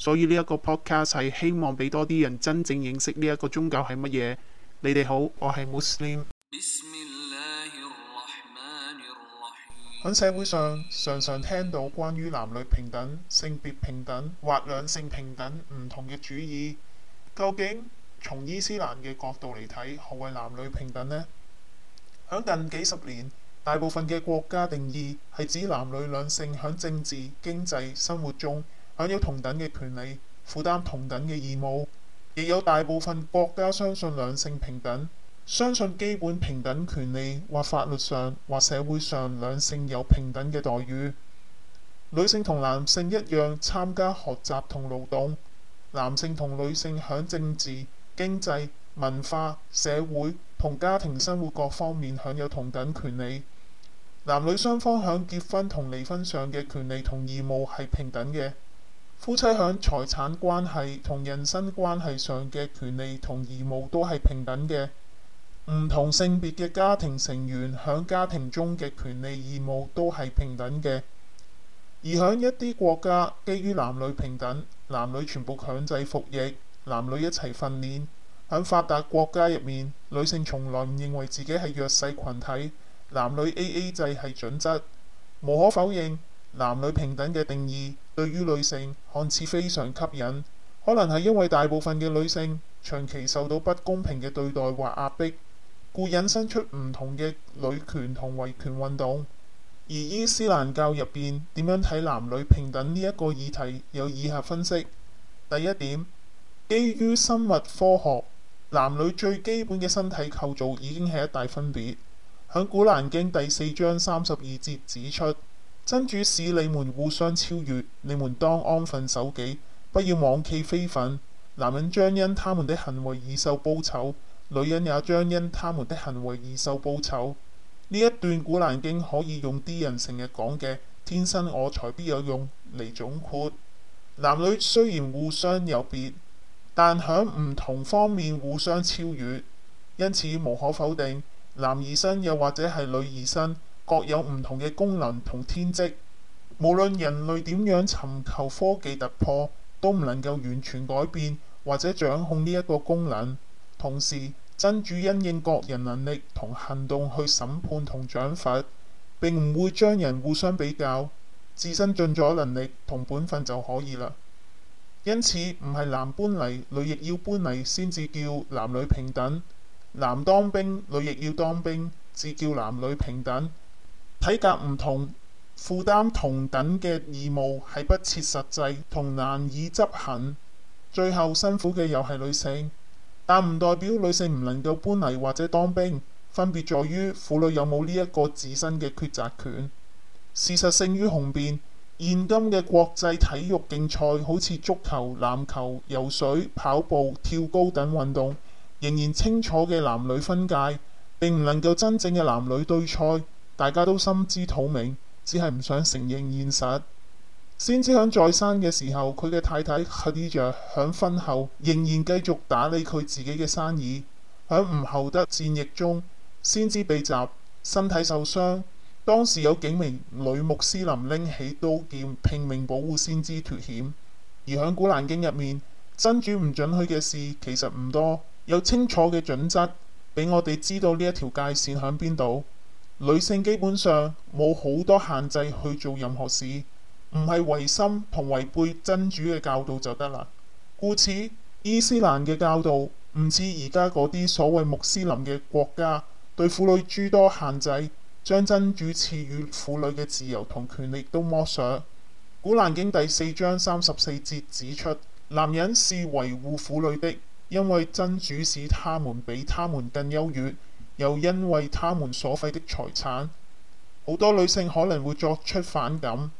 所以呢一個 podcast 係希望俾多啲人真正認識呢一個宗教係乜嘢。你哋好，我係穆斯林。喺社會上，常常聽到關於男女平等、性別平等或兩性平等唔同嘅主義。究竟從伊斯蘭嘅角度嚟睇，何為男女平等呢？喺近幾十年，大部分嘅國家定義係指男女兩性喺政治、經濟、生活中，享有同等嘅權利，負擔同等嘅義務，亦有大部分國家相信兩性平等，相信基本平等權利或法律上或社會上兩性有平等嘅待遇。女性同男性一樣參加學習同勞動，男性同女性響政治、經濟、文化、社會同家庭生活各方面享有同等權利。男女雙方響結婚同離婚上嘅權利同義務係平等嘅。夫妻喺財產關係同人身關係上嘅權利同義務都係平等嘅。唔同性別嘅家庭成員喺家庭中嘅權利義務都係平等嘅。而喺一啲國家，基於男女平等，男女全部強制服役，男女一齊訓練。喺發達國家入面，女性從來唔認為自己係弱勢群體，男女 AA 制係準則，無可否認。男女平等嘅定義對於女性看似非常吸引，可能係因為大部分嘅女性長期受到不公平嘅對待或壓迫，故引申出唔同嘅女權同維權運動。而伊斯蘭教入邊點樣睇男女平等呢一個議題，有以下分析：第一點，基於生物科學，男女最基本嘅身體構造已經係一大分別。響古蘭經第四章三十二節指出。真主使你們互相超越，你們當安分守己，不要妄冀非分。男人將因他們的行為而受報酬，女人也將因他們的行為而受報酬。呢一段古蘭經可以用啲人成日講嘅“天生我材必有用”嚟總括。男女雖然互相有別，但響唔同方面互相超越，因此無可否定，男兒身又或者係女兒身。各有唔同嘅功能同天職，無論人類點樣尋求科技突破，都唔能夠完全改變或者掌控呢一個功能。同時，真主因應各人能力同行動去審判同獎罰，並唔會將人互相比較，自身盡咗能力同本分就可以啦。因此，唔係男搬嚟，女亦要搬嚟先至叫男女平等；男當兵，女亦要當兵，至叫男女平等。體格唔同，負擔同等嘅義務係不切實際同難以執行，最後辛苦嘅又係女性。但唔代表女性唔能夠搬嚟或者當兵，分別在於婦女有冇呢一個自身嘅抉擇權。事實勝於雄辯，現今嘅國際體育競賽，好似足球、籃球、游水、跑步、跳高等運動，仍然清楚嘅男女分界，並唔能夠真正嘅男女對賽。大家都心知肚明，只係唔想承認現實。先知響在生嘅時候，佢嘅太太克依若響婚後仍然繼續打理佢自己嘅生意。響吳侯德戰役中，先知被襲，身體受傷。當時有幾名女穆斯林拎起刀劍拼命保護先知脫險。而響古蘭經入面，真主唔准許嘅事其實唔多，有清楚嘅準則俾我哋知道呢一條界線響邊度。女性基本上冇好多限制去做任何事，唔係違心同違背真主嘅教導就得啦。故此，伊斯蘭嘅教導唔似而家嗰啲所謂穆斯林嘅國家對婦女諸多限制，將真主賜予婦女嘅自由同權力都剝削。古蘭經第四章三十四節指出，男人是維護婦女的，因為真主使他們比他們更優越。又因為他們所費的財產，好多女性可能會作出反感，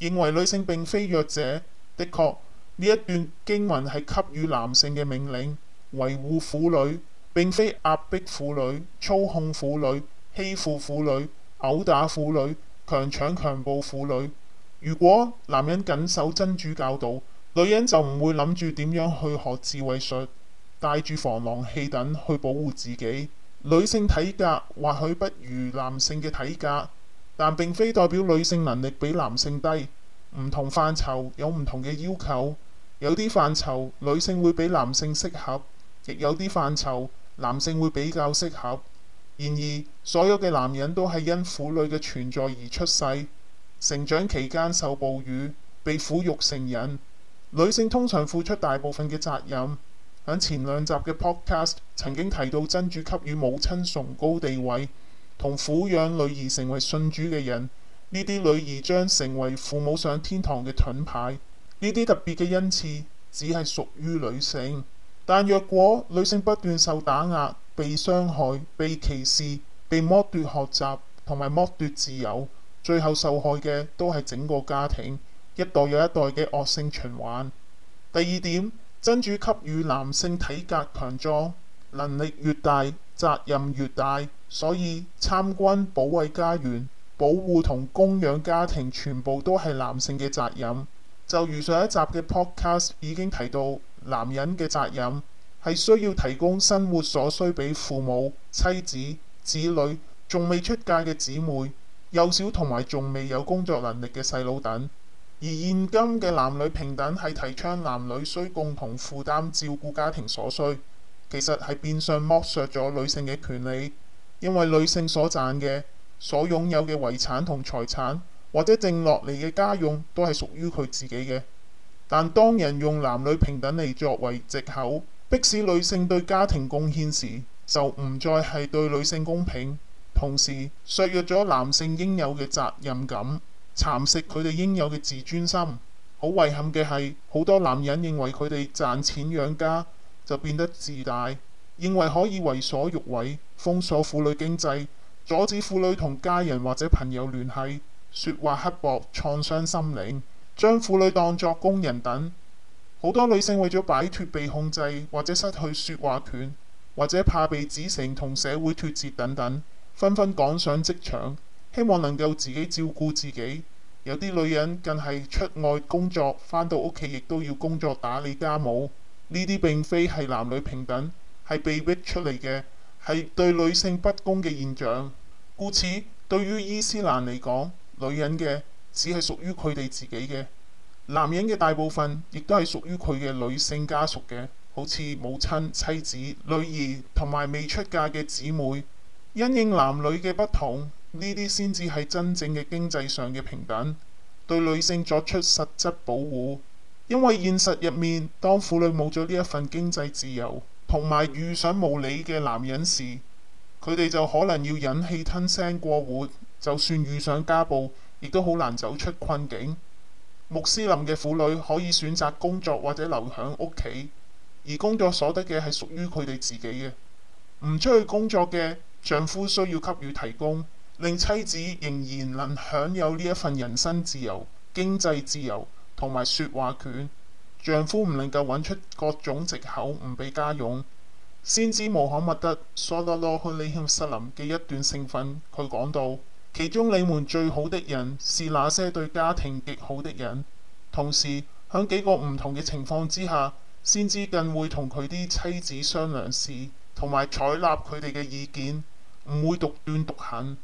認為女性並非弱者。的確，呢一段經文係給予男性嘅命令，維護婦女，並非壓迫婦女、操控婦女、欺負婦女、毆打婦女、強搶強暴婦女。如果男人謹守真主教導，女人就唔會諗住點樣去學智慧術，帶住防狼器等去保護自己。女性體格或許不如男性嘅體格，但並非代表女性能力比男性低。唔同範疇有唔同嘅要求，有啲範疇女性會比男性適合，亦有啲範疇男性會比較適合。然而，所有嘅男人都係因婦女嘅存在而出世，成長期間受暴雨被撫育成人。女性通常付出大部分嘅責任。喺前兩集嘅 podcast 曾經提到，真主給予母親崇高地位，同撫養女兒成為信主嘅人，呢啲女兒將成為父母上天堂嘅盾牌。呢啲特別嘅恩賜只係屬於女性，但若果女性不斷受打壓、被傷害、被歧視、被剝奪學習同埋剝奪自由，最後受害嘅都係整個家庭，一代又一代嘅惡性循環。第二點。真主給予男性體格強壯，能力越大，責任越大，所以參軍保衛家園、保護同供養家庭，全部都係男性嘅責任。就如上一集嘅 podcast 已經提到，男人嘅責任係需要提供生活所需俾父母、妻子、子女、仲未出嫁嘅姊妹、幼小同埋仲未有工作能力嘅細佬等。而現今嘅男女平等係提倡男女需共同負擔照顧家庭所需，其實係變相剝削咗女性嘅權利，因為女性所賺嘅、所擁有嘅遺產同財產，或者剩落嚟嘅家用都係屬於佢自己嘅。但當人用男女平等嚟作為藉口，迫使女性對家庭貢獻時，就唔再係對女性公平，同時削弱咗男性應有嘅責任感。蠶食佢哋應有嘅自尊心，好遺憾嘅係好多男人認為佢哋賺錢養家就變得自大，認為可以為所欲為，封鎖婦女經濟，阻止婦女同家人或者朋友聯繫，説話刻薄，創傷心靈，將婦女當作工人等。好多女性為咗擺脫被控制或者失去説話權，或者怕被指成同社會脫節等等，紛紛趕上職場。希望能夠自己照顧自己。有啲女人更係出外工作，返到屋企亦都要工作打理家務。呢啲並非係男女平等，係被逼出嚟嘅，係對女性不公嘅現象。故此，對於伊斯蘭嚟講，女人嘅只係屬於佢哋自己嘅，男人嘅大部分亦都係屬於佢嘅女性家屬嘅，好似母親、妻子、女兒同埋未出嫁嘅姊妹。因應男女嘅不同。呢啲先至係真正嘅經濟上嘅平等，對女性作出實質保護。因為現實入面，當婦女冇咗呢一份經濟自由，同埋遇上無理嘅男人時，佢哋就可能要忍氣吞聲過活。就算遇上家暴，亦都好難走出困境。穆斯林嘅婦女可以選擇工作或者留響屋企，而工作所得嘅係屬於佢哋自己嘅。唔出去工作嘅，丈夫需要給予提供。令妻子仍然能享有呢一份人身自由，經濟自由同埋說話權，丈夫唔能夠揾出各種借口唔俾家用，先知無可物得穆罕默德。沙拉羅去理欠失林嘅一段性分，佢講到其中你們最好的人是那些對家庭極好的人。同時響幾個唔同嘅情況之下，先知更會同佢啲妻子商量事，同埋採納佢哋嘅意見，唔會獨斷獨行。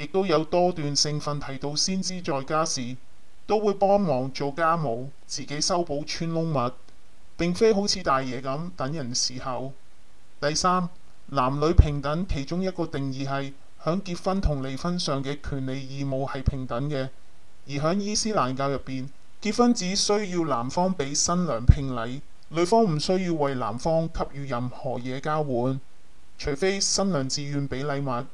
亦都有多段聖訓提到先知在家時都會幫忙做家務，自己修補穿窿物，並非好似大爺咁等人伺候。第三，男女平等其中一個定義係響結婚同離婚上嘅權利義務係平等嘅，而響伊斯蘭教入邊，結婚只需要男方俾新娘聘禮，女方唔需要為男方給予任何嘢交換，除非新娘自願俾禮物。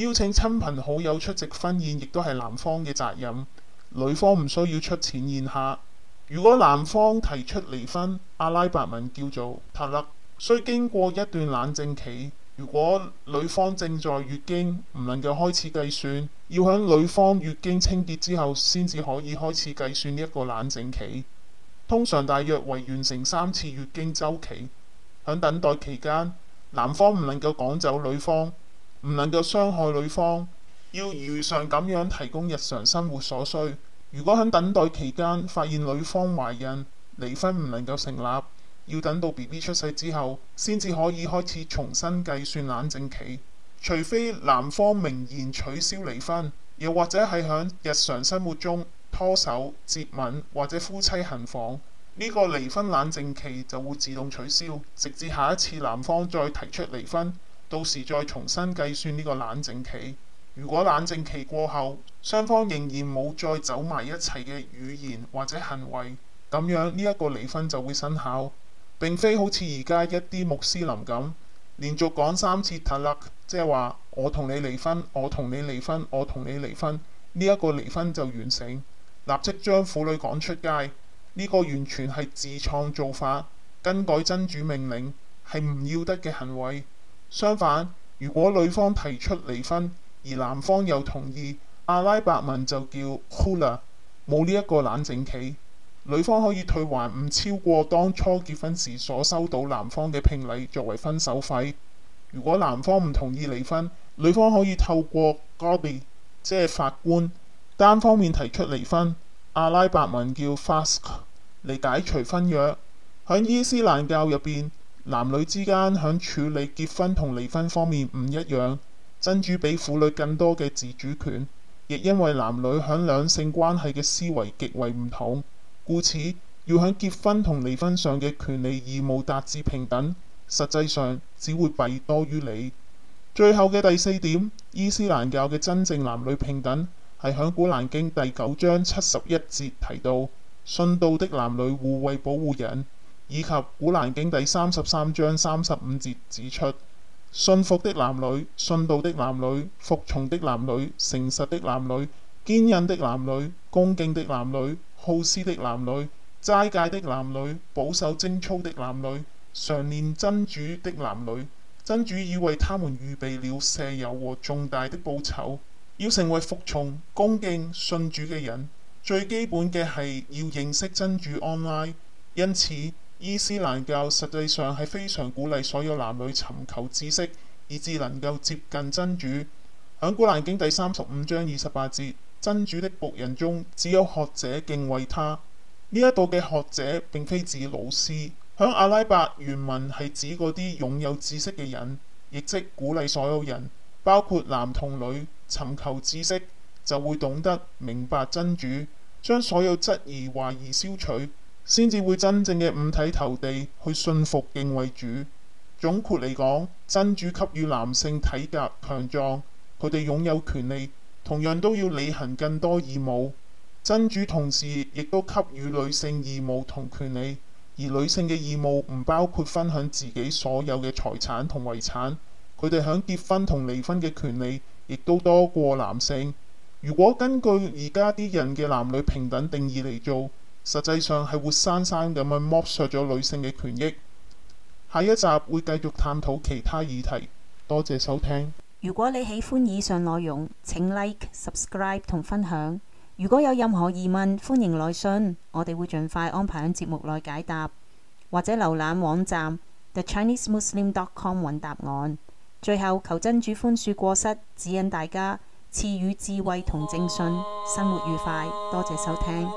邀請親朋好友出席婚宴，亦都係男方嘅責任。女方唔需要出錢宴客。如果男方提出離婚，阿拉伯文叫做塔勒，需經過一段冷靜期。如果女方正在月經，唔能夠開始計算，要響女方月經清潔之後先至可以開始計算呢一個冷靜期。通常大約為完成三次月經週期。響等待期間，男方唔能夠趕走女方。唔能夠傷害女方，要如常咁樣提供日常生活所需。如果喺等待期間發現女方懷孕，離婚唔能夠成立，要等到 BB 出世之後，先至可以開始重新計算冷靜期。除非男方明言取消離婚，又或者係喺日常生活中拖手、接吻或者夫妻行房，呢個離婚冷靜期就會自動取消，直至下一次男方再提出離婚。到時再重新計算呢個冷靜期。如果冷靜期過後，雙方仍然冇再走埋一齊嘅語言或者行為，咁樣呢一個離婚就會生效。並非好似而家一啲穆斯林咁，連續講三次塔勒，即係話我同你離婚，我同你離婚，我同你離婚，呢一個離婚就完成，立即將婦女趕出街。呢個完全係自創做法，更改真主命令係唔要得嘅行為。相反，如果女方提出離婚而男方又同意，阿拉伯文就叫 khula，冇呢一個冷靜期。女方可以退還唔超過當初結婚時所收到男方嘅聘禮作為分手費。如果男方唔同意離婚，女方可以透過 Qadi，即係法官，單方面提出離婚，阿拉伯文叫 Fask 嚟解除婚約。響伊斯蘭教入邊，男女之間喺處理結婚同離婚方面唔一樣，真主俾婦女更多嘅自主權，亦因為男女喺兩性關係嘅思維極為唔同，故此要喺結婚同離婚上嘅權利義務達至平等，實際上只會弊多於利。最後嘅第四點，伊斯蘭教嘅真正男女平等係喺古蘭經第九章七十一節提到，信道的男女互為保護人。以及《古蘭經》第三十三章三十五節指出：信服的男女、信道的男女、服從的男女、誠實的男女、堅忍的男女、恭敬的男女、好施的男女、齋戒的男女、保守貞操的男女、常念真主的男女，真主已為他們預備了赦宥和重大的報酬。要成為服從、恭敬、信主嘅人，最基本嘅係要認識真主安拉。因此，伊斯蘭教實際上係非常鼓勵所有男女尋求知識，以致能夠接近真主。響古蘭經第三十五章二十八節，真主的僕人中只有學者敬畏他。呢一度嘅學者並非指老師，響阿拉伯原文係指嗰啲擁有知識嘅人，亦即鼓勵所有人，包括男同女，尋求知識就會懂得明白真主，將所有質疑懷疑消除。先至會真正嘅五體投地去信服敬畏主。總括嚟講，真主給予男性體格強壯，佢哋擁有權利，同樣都要履行更多義務。真主同時亦都給予女性義務同權利，而女性嘅義務唔包括分享自己所有嘅財產同遺產。佢哋喺結婚同離婚嘅權利亦都多過男性。如果根據而家啲人嘅男女平等定義嚟做。實際上係活生生咁樣剝削咗女性嘅權益。下一集會繼續探討其他議題。多謝收聽。如果你喜歡以上內容，請 like、subscribe 同分享。如果有任何疑問，歡迎來信，我哋會盡快安排喺節目內解答，或者瀏覽網站 TheChineseMuslim.com 揾答案。最後求真主寬恕過失，指引大家賜予智慧同正信，生活愉快。多謝收聽。